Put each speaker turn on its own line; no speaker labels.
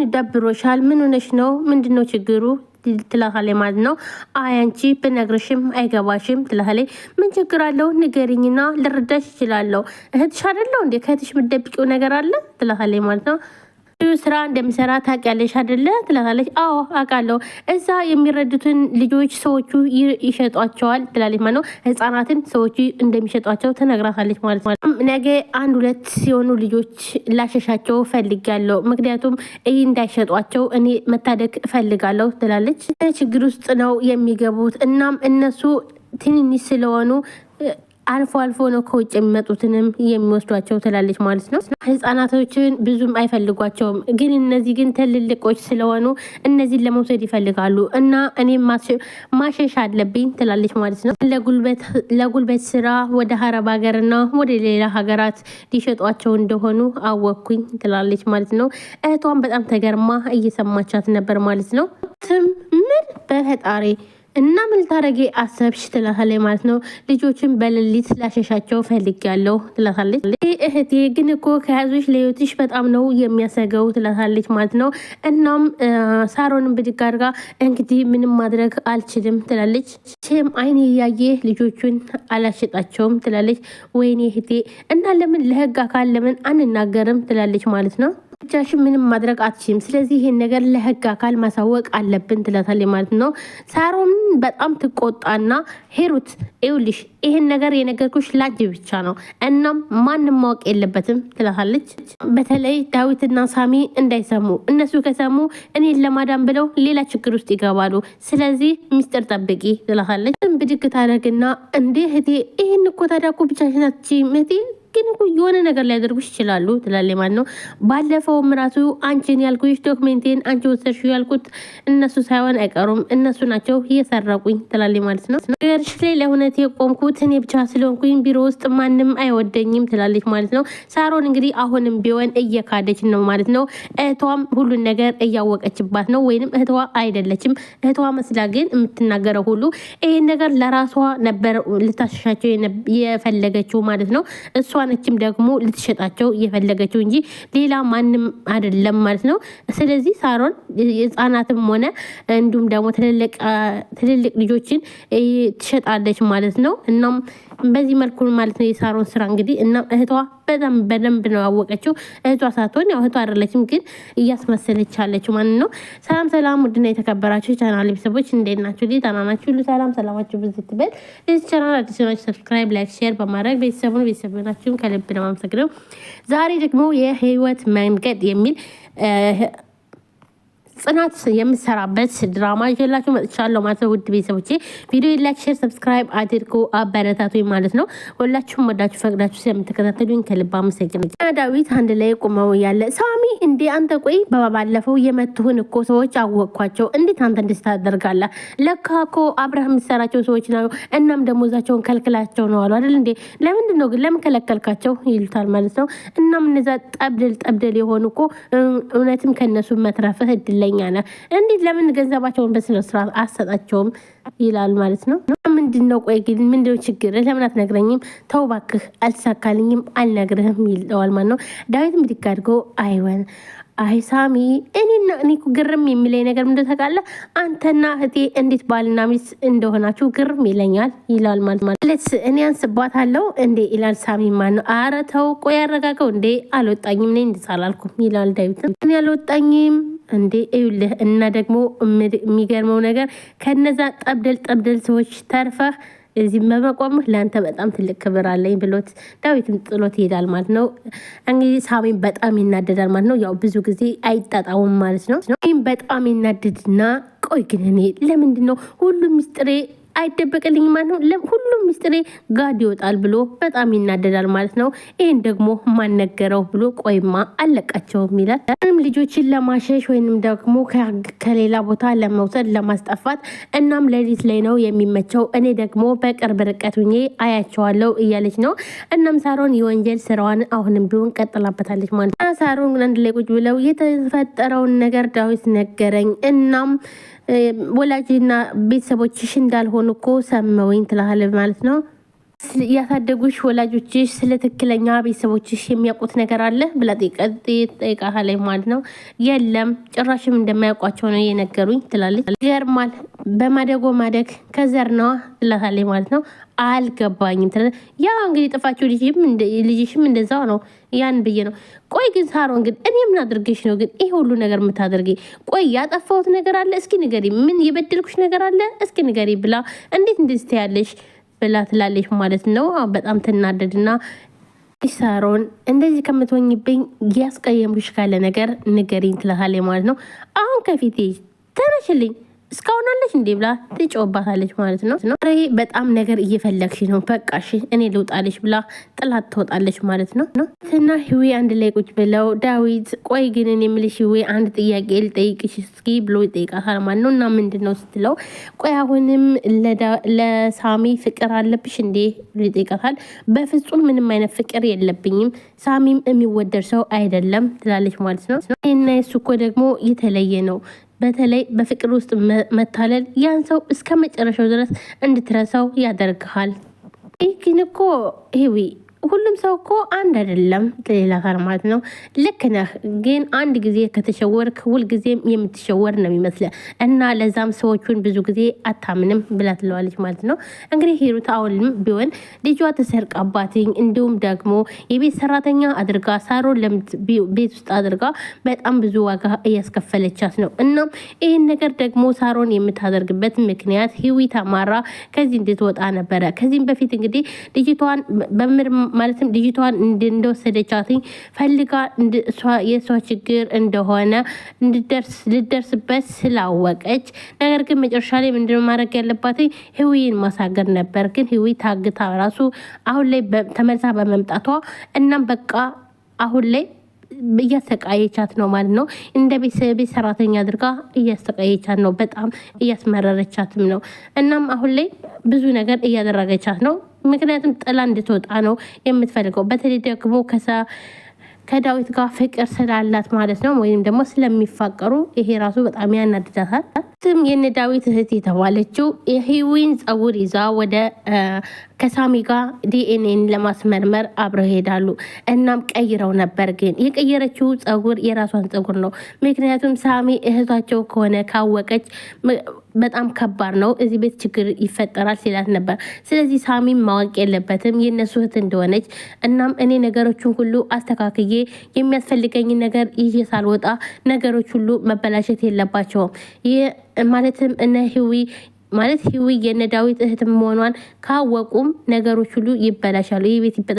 ምን ደብሮሻል? ምን ሆነሽ ነው? ምንድን ነው ችግሩ ትላካሌ ማለት ነው። አያንቺ ብነግርሽም አይገባሽም ትላካሌ። ምን ችግር አለው ንገሪኝና ልረዳሽ ይችላለሁ። እህትሽ አደለው እንዴ? ከእህትሽ ምደብቂው ነገር አለ ትላካሌ ማለት ነው። ስራ እንደሚሰራ ታውቂያለሽ አይደለ? ትላታለች። አዎ አውቃለሁ። እዛ የሚረዱትን ልጆች ሰዎቹ ይሸጧቸዋል ትላለች። ማለት ነው ህጻናትን ሰዎቹ እንደሚሸጧቸው ትነግራታለች ማለት ነው። ነገ አንድ ሁለት ሲሆኑ ልጆች ላሸሻቸው ፈልጋለሁ፣ ምክንያቱም እይ እንዳይሸጧቸው እኔ መታደግ እፈልጋለሁ ትላለች። ችግር ውስጥ ነው የሚገቡት። እናም እነሱ ትንንሽ ስለሆኑ አልፎ አልፎ ነው ከውጭ የሚመጡትንም የሚወስዷቸው ትላለች ማለት ነው። ህጻናቶችን ብዙም አይፈልጓቸውም፣ ግን እነዚህ ግን ትልልቆች ስለሆኑ እነዚህን ለመውሰድ ይፈልጋሉ እና እኔም ማሸሽ አለብኝ ትላለች ማለት ነው። ለጉልበት ስራ ወደ ሀረብ ሀገርና ወደ ሌላ ሀገራት ሊሸጧቸው እንደሆኑ አወኩኝ ትላለች ማለት ነው። እህቷን በጣም ተገርማ እየሰማቻት ነበር ማለት ነው። ትም ምን በፈጣሪ እና ምን ልታረጊ አሰብሽ ትላታለች ማለት ነው። ልጆችን በሌሊት ላሸሻቸው ፈልጊያለሁ ትላታለች። እህቴ ግን እኮ ከያዞች ለዮትሽ በጣም ነው የሚያሰገው ትላታለች ማለት ነው። እናም ሳሮንን ብድግ አድርጋ እንግዲህ ምንም ማድረግ አልችልም ትላለች። ቼም አይን እያየ ልጆቹን አላሸጣቸውም ትላለች። ወይኔ እህቴ እና ለምን ለህግ አካል ለምን አንናገርም ትላለች ማለት ነው። ብቻሽን ምንም ማድረግ አትችም። ስለዚህ ይህን ነገር ለህግ አካል ማሳወቅ አለብን ትላታል ማለት ነው። ሳሮን በጣም ትቆጣና ሄሩት ይውልሽ ይህን ነገር የነገርኩሽ ላጅ ብቻ ነው፣ እናም ማንም ማወቅ የለበትም ትላታለች። በተለይ ዳዊትና ሳሚ እንዳይሰሙ፣ እነሱ ከሰሙ እኔን ለማዳን ብለው ሌላ ችግር ውስጥ ይገባሉ። ስለዚህ ሚስጥር ጠብቂ ትላታለች። ብድግ ታደርግና እንዴ እህቴ ይህን እኮ ታዲያ እኮ ብቻሽን አትችይም እህቴ ግን እኮ የሆነ ነገር ሊያደርጉሽ ይችላሉ ትላለች ማለት ነው። ባለፈውም ራሱ አንቺን ያልኩሽ ዶክሜንቴን አንቺ ወሰድሽ ያልኩት እነሱ ሳይሆን አይቀሩም እነሱ ናቸው እየሰረቁኝ ትላለች ማለት ነው። ነገርሽ ላይ ለእውነት የቆምኩት እኔ ብቻ ስለሆንኩኝ ቢሮ ውስጥ ማንም አይወደኝም ትላለች ማለት ነው። ሳሮን እንግዲህ አሁንም ቢሆን እየካደች ነው ማለት ነው። እህቷም ሁሉን ነገር እያወቀችባት ነው፣ ወይንም እህቷ አይደለችም። እህቷ መስላ ግን የምትናገረው ሁሉ ይህን ነገር ለራሷ ነበር ልታሻሻቸው የፈለገችው ማለት ነው እሷ እሷነችም ደግሞ ልትሸጣቸው እየፈለገችው እንጂ ሌላ ማንም አይደለም ማለት ነው። ስለዚህ ሳሮን ህጻናትም ሆነ እንዲሁም ደግሞ ትልልቅ ልጆችን ትሸጣለች ማለት ነው። እናም በዚህ መልኩ ማለት ነው የሳሮን ስራ እንግዲህ እናም እህቷ በጣም በደንብ ነው ያወቀችው። እህቷ ሳትሆን ያው እህቷ አይደለችም፣ ግን እያስመሰለች አለችው ማለት ነው። ሰላም ሰላም፣ ውድና የተከበራችሁ ቻናል ቤተሰቦች እንዴት ናችሁ? ልጅ ታናናችሁ ሁሉ ሰላም ሰላማችሁ ብዙ ትበል። ለዚህ ቻናል አዲስ ናችሁ፣ ሰብስክራይብ፣ ላይክ፣ ሼር በማድረግ ቤተሰቡን ቤተሰብ ከልብ ነው አመሰግነው። ዛሬ ደግሞ የህይወት መንገድ የሚል ጽናት የምሰራበት ድራማ ይዤላችሁ መጥቻለሁ ማለት ነው። ውድ ቤተሰቦቼ ቪዲዮ ላይክ፣ ሼር፣ ሰብስክራይብ አድርጎ አበረታቱኝ ማለት ነው። ሁላችሁም ወዳችሁ ፈቅዳችሁ ስለምትከታተሉኝ ከልብ አመሰግናለሁ። ዳዊት አንድ ላይ ቁመው ያለ ሳሚ እንዴ አንተ ቆይ ባለፈው የመትሁን እኮ ሰዎች አወቅኳቸው። እንዴት አንተ እንድስታ ታደርጋለህ? ለካ እኮ አብረህ የምትሰራቸው ሰዎች ነው። እናም ደሞዛቸውን ከልክላቸው ነው አሉ አይደል እንዴ? ለምንድን ነው ግን ለምን ከለከልካቸው? ይሉታል ማለት ነው። እናም እነዛ ጠብድል ጠብድል የሆኑ እኮ እውነትም ከነሱ መትረፍህ እድል ላይ ጥገኛ ነ እንዴት ለምን ገንዘባቸውን በስነ ስርዓት አሰጣቸውም ይላል ማለት ነው። ምንድን ነው ቆይ ግን ምንድነው ችግር? ለምን አትነግረኝም? ተው እባክህ፣ አልተሳካልኝም፣ አልነግርህም ይለዋል ማለት ነው። ዳዊት ምድግ አድርጎ አይወን አይ ሳሚ፣ እኔና እኔ ግርም የሚለኝ ነገር ምንድን ታውቃለህ? አንተና እህቴ እንዴት ባልና ሚስት እንደሆናችሁ ግርም ይለኛል ይላል ማለት ማለት እኔ አንስባታለሁ እንዴ ይላል ሳሚ። ማን ነው? ኧረ ተው ቆይ ያረጋገው እንዴ አልወጣኝም፣ እኔ እንድሳላልኩም ይላል ዳዊት። እኔ አልወጣኝም እንዴ እዩልህ። እና ደግሞ የሚገርመው ነገር ከነዛ ጠብደል ጠብደል ሰዎች ተርፈህ እዚህ መመቆምህ ለአንተ በጣም ትልቅ ክብር አለኝ ብሎት ዳዊትም ጥሎት ይሄዳል ማለት ነው። እንግዲህ ሳሜን በጣም ይናደዳል ማለት ነው። ያው ብዙ ጊዜ አይጣጣሙም ማለት ነው። ይህም በጣም ይናደድና ቆይ ግን እኔ ለምንድን ነው ሁሉም ሚስጥሬ አይደበቅልኝ ማለት ነው። ሁሉም ሚስጥሬ ጋድ ይወጣል ብሎ በጣም ይናደዳል ማለት ነው። ይህን ደግሞ ማነገረው ብሎ ቆይማ አለቃቸውም ይላል። ልጆችን ለማሸሽ ወይንም ደግሞ ከሌላ ቦታ ለመውሰድ ለማስጠፋት፣ እናም ሌሊት ላይ ነው የሚመቸው እኔ ደግሞ በቅርብ ርቀት ሁኜ አያቸዋለሁ እያለች ነው። እናም ሳሮን የወንጀል ስራዋን አሁንም ቢሆን ቀጥላበታለች ማለት ነው። ሳሮን አንድ ላይ ቁጭ ብለው የተፈጠረውን ነገር ዳዊት ነገረኝ። እናም ወላጅና ቤተሰቦችሽ እንዳልሆኑ እኮ ሰማወኝ ትልሃል ማለት ነው። ያሳደጉሽ ወላጆችሽ ስለ ትክክለኛ ቤተሰቦችሽ የሚያውቁት ነገር አለ ብላ ጠይቃህ ላይ ማለት ነው። የለም ጭራሽም እንደማያውቋቸው ነው የነገሩኝ ትላለች። ገርማል በማደጎ ማደግ ከዘር ነዋ ትላታለች ማለት ነው። አልገባኝም ትላለች። ያው እንግዲህ ጥፋቸው ልጅሽም እንደዛው ነው። ያን ብዬ ነው። ቆይ ግን ሳሮን ግን እኔ ምን አድርገሽ ነው ግን ይህ ሁሉ ነገር የምታደርጊ? ቆይ ያጠፋሁት ነገር አለ እስኪ ንገሪ፣ ምን የበደልኩሽ ነገር አለ እስኪ ንገሪ ብላ እንዴት እንደዚህ ትያለሽ ብላ ትላለች ማለት ነው። በጣም ትናደድና ሳሮን እንደዚህ ከምትወኝብኝ ያስቀየምሽ ካለ ነገር ንገሪኝ ትልሃለች ማለት ነው። አሁን ከፊቴ ተነሽልኝ እስካሁን አለች እንዲህ ብላ ትጮባታለች ማለት ነው። ዛሬ በጣም ነገር እየፈለግሽ ነው፣ በቃሽ እኔ ልውጣለች ብላ ጥላት ትወጣለች ማለት ነው። እና ህዌ አንድ ላይ ቁጭ ብለው ዳዊት ቆይ ግን እኔ የምልሽ ህዌ አንድ ጥያቄ ልጠይቅሽ እስኪ ብሎ ይጠይቃታል ማለት ነው። እና ምንድን ነው ስትለው ቆይ አሁንም ለሳሚ ፍቅር አለብሽ እንዴ ብሎ ይጠይቃታል። በፍጹም ምንም አይነት ፍቅር የለብኝም፣ ሳሚም የሚወደድ ሰው አይደለም ትላለች ማለት ነው። ይህና የሱ እኮ ደግሞ የተለየ ነው በተለይ በፍቅር ውስጥ መታለል ያን ሰው እስከ መጨረሻው ድረስ እንድትረሳው ያደርግሃል። ይህ ግን እኮ ሂዊ ሁሉም ሰው እኮ አንድ አይደለም። ሌላ ጋር ማለት ነው። ልክ ነህ፣ ግን አንድ ጊዜ ከተሸወርክ ሁልጊዜም የምትሸወር ነው የሚመስለ እና ለዛም ሰዎቹን ብዙ ጊዜ አታምንም ብላ ትለዋለች ማለት ነው። እንግዲህ ሂሩት አሁንም ቢሆን ልጇ ተሰርቃባትኝ፣ እንዲሁም ደግሞ የቤት ሰራተኛ አድርጋ ሳሮ ቤት ውስጥ አድርጋ በጣም ብዙ ዋጋ እያስከፈለቻት ነው። እና ይህን ነገር ደግሞ ሳሮን የምታደርግበት ምክንያት ሂዊ ተማራ ከዚህ እንድትወጣ ነበረ። ከዚህም በፊት እንግዲህ ልጅቷን በምር ማለትም ልጅቷን እንደወሰደቻት ፈልጋ የእሷ ችግር እንደሆነ ልደርስበት ስላወቀች፣ ነገር ግን መጨረሻ ላይ ምንድነው ማድረግ ያለባት ህዊን ማሳገር ነበር። ግን ህዊ ታግታ ራሱ አሁን ላይ ተመልሳ በመምጣቷ እናም በቃ አሁን ላይ እያሰቃየቻት ነው ማለት ነው። እንደ ቤተሰብ ሰራተኛ አድርጋ እያሰቃየቻት ነው። በጣም እያስመረረቻትም ነው። እናም አሁን ላይ ብዙ ነገር እያደረገቻት ነው። ምክንያቱም ጥላ እንድትወጣ ነው የምትፈልገው። በተለይ ደግሞ ከዳዊት ጋር ፍቅር ስላላት ማለት ነው፣ ወይም ደግሞ ስለሚፋቀሩ ይሄ ራሱ በጣም ያናድዳታል። ትም የነ ዳዊት እህት የተባለችው የህዊን ፀጉር ይዛ ወደ ከሳሚ ጋር ዲኤንኤን ለማስመርመር አብረው ይሄዳሉ። እናም ቀይረው ነበር፣ ግን የቀየረችው ጸጉር የራሷን ጸጉር ነው። ምክንያቱም ሳሚ እህቷቸው ከሆነ ካወቀች በጣም ከባድ ነው፣ እዚህ ቤት ችግር ይፈጠራል ሲላት ነበር። ስለዚህ ሳሚ ማወቅ የለበትም የነሱ እህት እንደሆነች። እናም እኔ ነገሮችን ሁሉ አስተካክዬ የሚያስፈልገኝ ነገር ይዤ ሳልወጣ ነገሮች ሁሉ መበላሸት የለባቸውም። ይህ ማለትም እነ ህዊ ማለት ህዊ የነ ዳዊት እህት መሆኗን ካወቁም ነገሮች ሁሉ ይበላሻሉ። ይህ ቤት